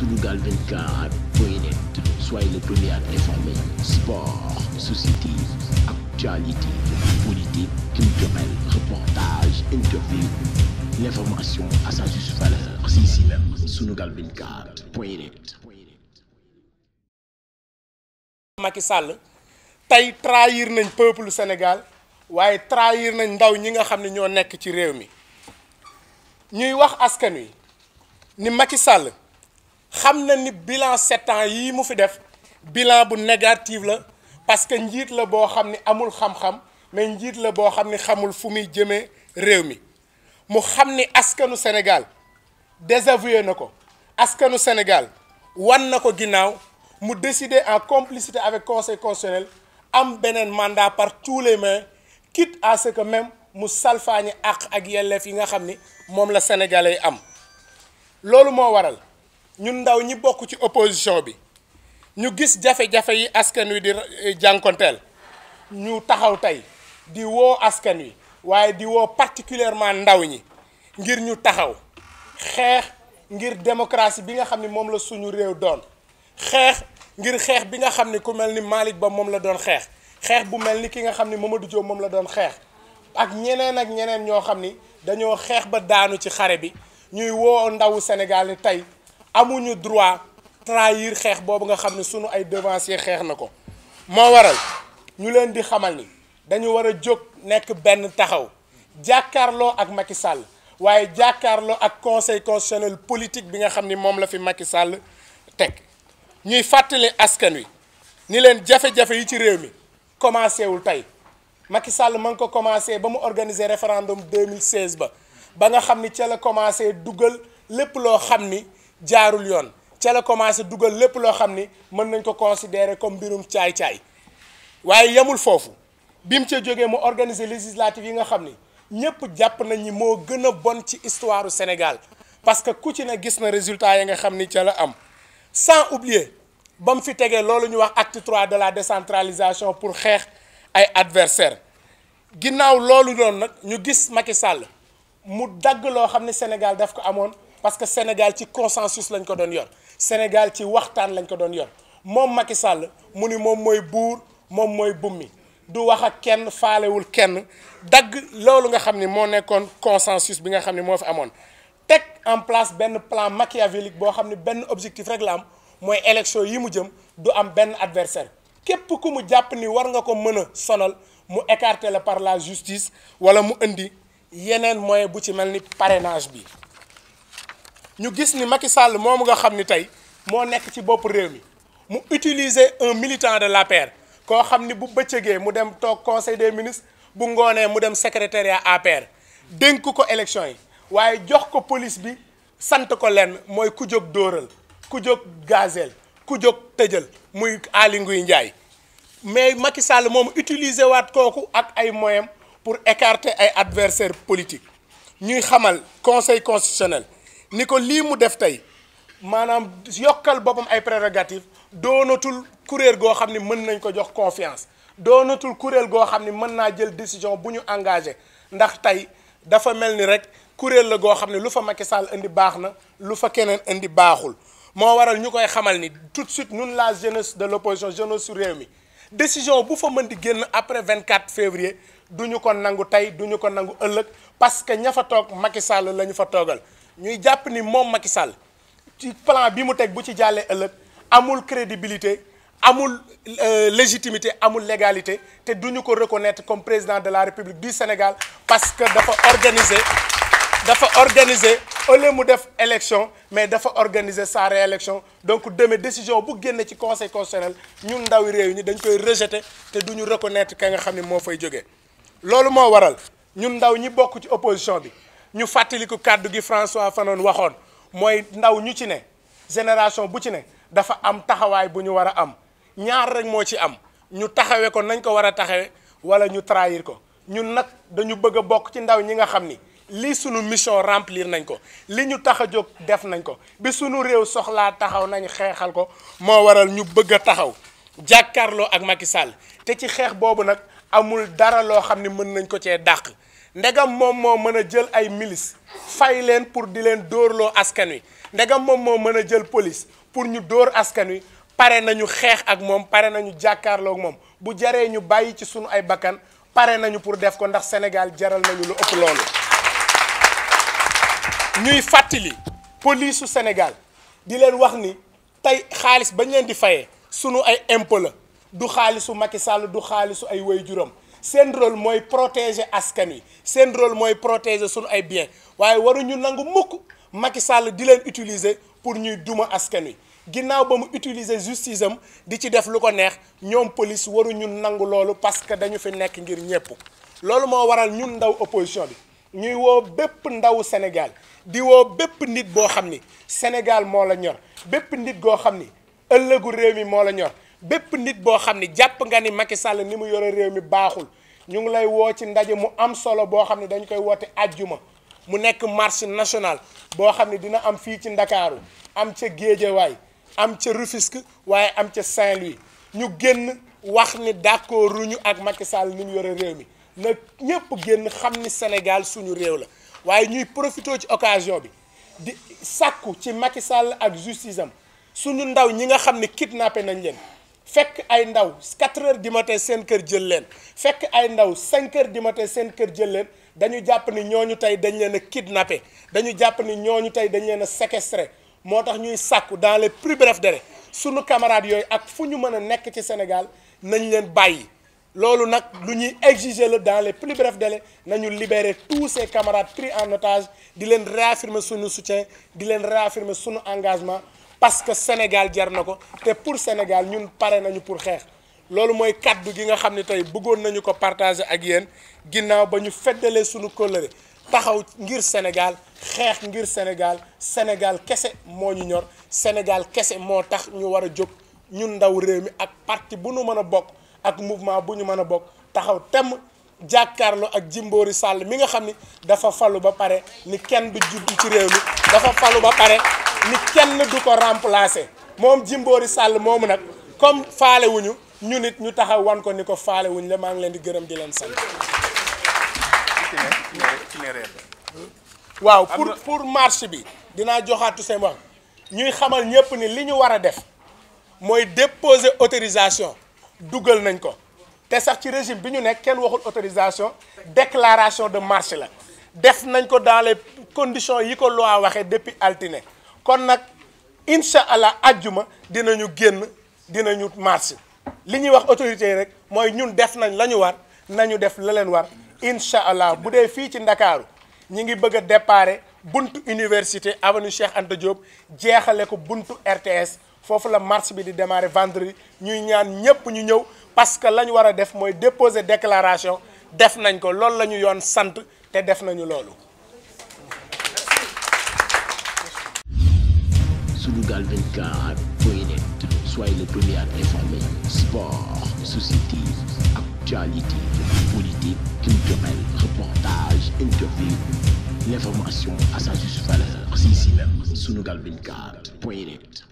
Sunugal 24 point net soyez le premier à informer sport société actualité politique culturelle reportage interview l'information à sa juste valeur c'est ici même Sunugal 24 point net. Macky Sall tey trahir nañ peuple Sénégal waaye trahir nañ ndaw ñi nga xam ne ñoo nekk ci réew mi ñuy wax askan wi ni Macky sàll xam na ni bilan sept ans yii mu fi def bilan bu négatif la parce que njiit la boo xam ni amul xam-xam mais njiit la boo xam ni xamul fu muy jëmee réew mi mu xam ni askanu Sénégal désavoué na ko askanu Sénégal wan na ko ginnaaw mu décider en complicité avec conseil am beneen mandat par tous les mains quitte à ce que même mu salfaañi àq ak yelleef yi nga xam ni moom la sénégalais yi am loolu moo waral. ñun ndaw ñi bokk ci opposition bi ñu gis jafe-jafe yi askan wi di jànkonteel ñu taxaw tey di woo askan wi waaye di woo particulièrement ndaw ñi ngir ñu taxaw xeex ngir démocratie bi nga xam ni moom la suñu réew doon xeex ngir xeex bi nga xam ni ku mel ni Malick Ba moom la doon xeex xeex bu mel ni ki nga xam ni Mamadou Diop moom la doon xeex ak ñeneen ak ñeneen ñoo xam ni dañoo xeex ba daanu ci xare bi ñuy woo ndawu Sénégal ni tey amuñu droit trahir xeex boobu nga xam ne suñu ay devancier xeex na ko moo waral ñu leen di xamal ni dañu war a jóg nekk benn taxaw jàkkaarloo ak Macky Sall waaye jàkkaarloo ak conseil constitutionnel politique bi nga xam ni moom la fi Macky Sall teg ñuy fàttali askan wi ni leen jafe-jafe yi ci réew mi commencé wul tey Macky Sall ma ngi ko commencé ba mu organiser référendum 2016 ba ba nga xam ni ca la commencé dugal lépp loo xam ni. jaarul yoon ca la commencé dugal lépp loo xam ni mën nañ ko considérer comme mbirum caay-caay waaye yamul foofu bi mu ca jógee mu organiser législative yi nga xam ni ñépp jàpp nañ ni moo gën a bon ci histoire Sénégal parce que ku ci ne gis na résultat yi nga xam ni ca la am sans oublier ba mu fi tegee loolu ñu wax acte trois de la décentralisation pour xeex ay adversaires ginnaaw loolu noonu nag ñu gis Macky sàll mu dagg loo xam ni Sénégal daf ko amoon parce que Sénégal ci consensus lañ ko doon yor Sénégal ci waxtaan lañ ko doon yor moom Macky Sall mu ni moom mooy buur moom mooy mi du wax ak kenn faalewul kenn dagg loolu nga xam ni moo nekkoon consensus bi nga xam ni moo fi amoon teg en place benn plan machiavélique boo xam ni benn objectif rek la am mooy élection yi mu jëm du am benn adversaire képp ku mu jàpp ni war nga ko mën a sonal mu écarter la par la justice wala mu indi yeneen moyen bu ci mel ni parrainage bi ñu gis ni Macky Sall moomu nga xam ni tey moo nekk ci bopp réew mi mu utiliser un militant de l'APR koo xam ni bu bëccëgee mu dem toog conseil des ministres bu ngoonee mu dem secrétariat APR dénk ko élection yi waaye jox ko police bi sant ko lenn mooy ku jóg dóoral ku jóg gazel ku jóg tëjal muy Aly Ngouille Ndiaye mais Macky Sall moom utiliser waat kooku ak ay moyens pour écarter ay adversaires politique ñuy xamal conseil constitutionnel ni ko lii mu def tey maanaam yokkal boppam ay prérogatives doonatul kuréel goo xam ni mën nañ ko jox confiance doonatul kuréel goo xam ni mën naa jël décision bu ñu engagé ndax tey dafa mel ni rek kuréel la goo xam ne lu fa Macky Sall indi baax na lu fa keneen indi baaxul moo waral ñu koy xamal ni tout de suite ñun la jeunes de l'opposition jeunesse su réew mi décision bu fa mën di génn après 24 février du ñu ko nangu tey duñu ko nangu ëllëg parce que ña fa toog Macky Sall la ñu fa toogal ñuy jàpp ni moom Macky Sall ci plan bi mu teg bu ci jàllee ëllëg amul crédibilité amul euh, légitimité amul légalité te duñu ko reconnaître comme président de la République du Sénégal parce que dafa organiser dafa organiser au mu def élection mais dafa organiser sa réélection donc demee décision bu génne ci conseil constitutionnel ñun ndaw réew ñi dañ koy rejeter te du ñu reconnaître ka nga xam ni moo fay jógee loolu moo waral ñun ndaw ñi bokk ci opposition bi ñu fàttaliku kàddu gi François fanoon waxoon mooy ndaw ñu ci ne génération bu ci ne dafa am taxawaay bu ñu war a am ñaar rek moo ci am ñu taxawee ko nañ ko war a taxawee wala ñu trahir ko ñun nag dañu bëgg a bokk ci ndaw ñi nga xam ni lii suñu mission remplir nañ ko li ñu tax a jóg def nañ ko bi suñu réew soxlaa taxaw nañ xeexal ko moo waral ñu bëgg a taxaw jàkkarloo ak Macky sàll te ci xeex boobu nag amul dara loo xam ni mën nañ ko cee dàq ndegam moom moo mën a jël ay milis fay leen pour di leen dóorloo askan wi ndegam moom moo mën a jël police pour ñu dóor askan wi pare nañu xeex ak moom pare nañu jàkkaarloo ak moom bu jaree ñu bàyyi ci sunu ay bakkan pare nañu pour def ko ndax Sénégal jaral nañu lu ëpp loolu ñuy fàttali police su Sénégal di leen wax ni tey xaalis bañ leen di fayee sunu ay impôt la du xaalisu Macky Sall du xaalisu ay juróom seen rôle mooy protéger askan wi seen rôle mooy protéger sunu ay bien waaye waruñu nangu mukk Macky Sall di leen utiliser pour ñuy duma askan wi ginnaaw ba mu utiliser justice am di ci def lu ko neex ñoom police waruñu nangu loolu parce que dañu fi nekk ngir ñëpp loolu moo waral ñun ndaw opposition bi ñuy woo bépp ndawu Sénégal di woo bépp nit boo xam ni Sénégal moo la ñor bépp nit goo xam ni ëllëgu réew mi moo la ñor bépp nit boo xam ni jàpp nga ni Macky Sall ni mu yore réew mi baaxul ñu ngi lay woo ci ndaje mu am solo boo xam ne dañ koy woote àjjuma mu nekk marche national boo xam ne dina am fii ci Ndakaaru am ca Géejawaay am ca Rufisque waaye am ca Saint-Louis ñu génn wax ni d'accord ruñu ak Macky Sall ni mu yore réew mi na ñëpp génn xam ni Sénégal suñu réew la waaye ñuy profité ci occasion bi di sàkku ci Macky Sall ak justice am suñu ndaw ñi nga xam ne kidnappé nañ leen fekk ay ndaw 4 heures du matin seen kër jël leen fekk ay ndaw 5 heures du matin seen kër jël leen dañu jàpp ni ñooñu tey dañ leen a kidnappé dañu jàpp ni ñooñu tey dañu leen a séquestré moo tax ñuy sàkku dans les plus brefs délais sunu camarades yooyu ak fu ñu mën a nekk ci Sénégal nañ leen bàyyi loolu nag lu ñuy exiger la dans les plus brefs délais nañu libérer tous ces camarades pris en otage di leen réaffirmer sunu soutien di leen réaffirmer suñu engagement parce que Sénégal jar na ko te pour Sénégal ñun pare nañu pour xeex loolu mooy kàddu gi nga xam ne tey bëggoon nañu ko partager ak yéen ginnaaw ba ñu feddalee suñu kóllëre taxaw ngir Sénégal xeex ngir Sénégal Sénégal kese moo ñu ñor Sénégal kese moo tax ñu war a jóg ñun ndaw réew mi ak parti bu ñu mën a bokk ak mouvement bu ñu mën a bokk taxaw temm jàkkaarloo ak jimboori Sall mi nga xam ni dafa falu ba pare ni kenn du judd ci réew mi dafa falu ba pare ni kenn du ko remplacer moom Djimbory Sall moomu nag comme faale wuñu ñu nit ñu taxaw wan ko ni ko faale wuñ la maa ngi leen di gërëm di leen sant. waaw pour pour marche bi dinaa joxaatu seen wax ñuy xamal ñëpp ni li ñu war a def mooy déposer autorisation dugal nañ ko te sax ci régime bi ñu nekk kenn waxul autorisation déclaration de marche la def nañ ko dans les conditions yi ko loi waxee depuis altine kon nag incha allah ajjuma dinañu génn dinañu marché li ñuy wax autorité yi rek mooy ñun def nañ la ñu war nañu def la leen war incha allah bu dee fii ci ndakaaru ñi ngi bëgg a déparé buntu université avenue Cheikh Anta Diop jeexale ko buntu RTS foofu la marche bi di démarrer vendredi ñuy ñaan ñépp ñu ñëw parce que la ñu war a def mooy déposer déclaration def nañ ko loolu la ñu yoon sant te def nañu loolu sunugal24.net soyez le premier à être informé sport société actualité politique culturelle reportage interview l'information à sa juste valeur si si même sunugal24.net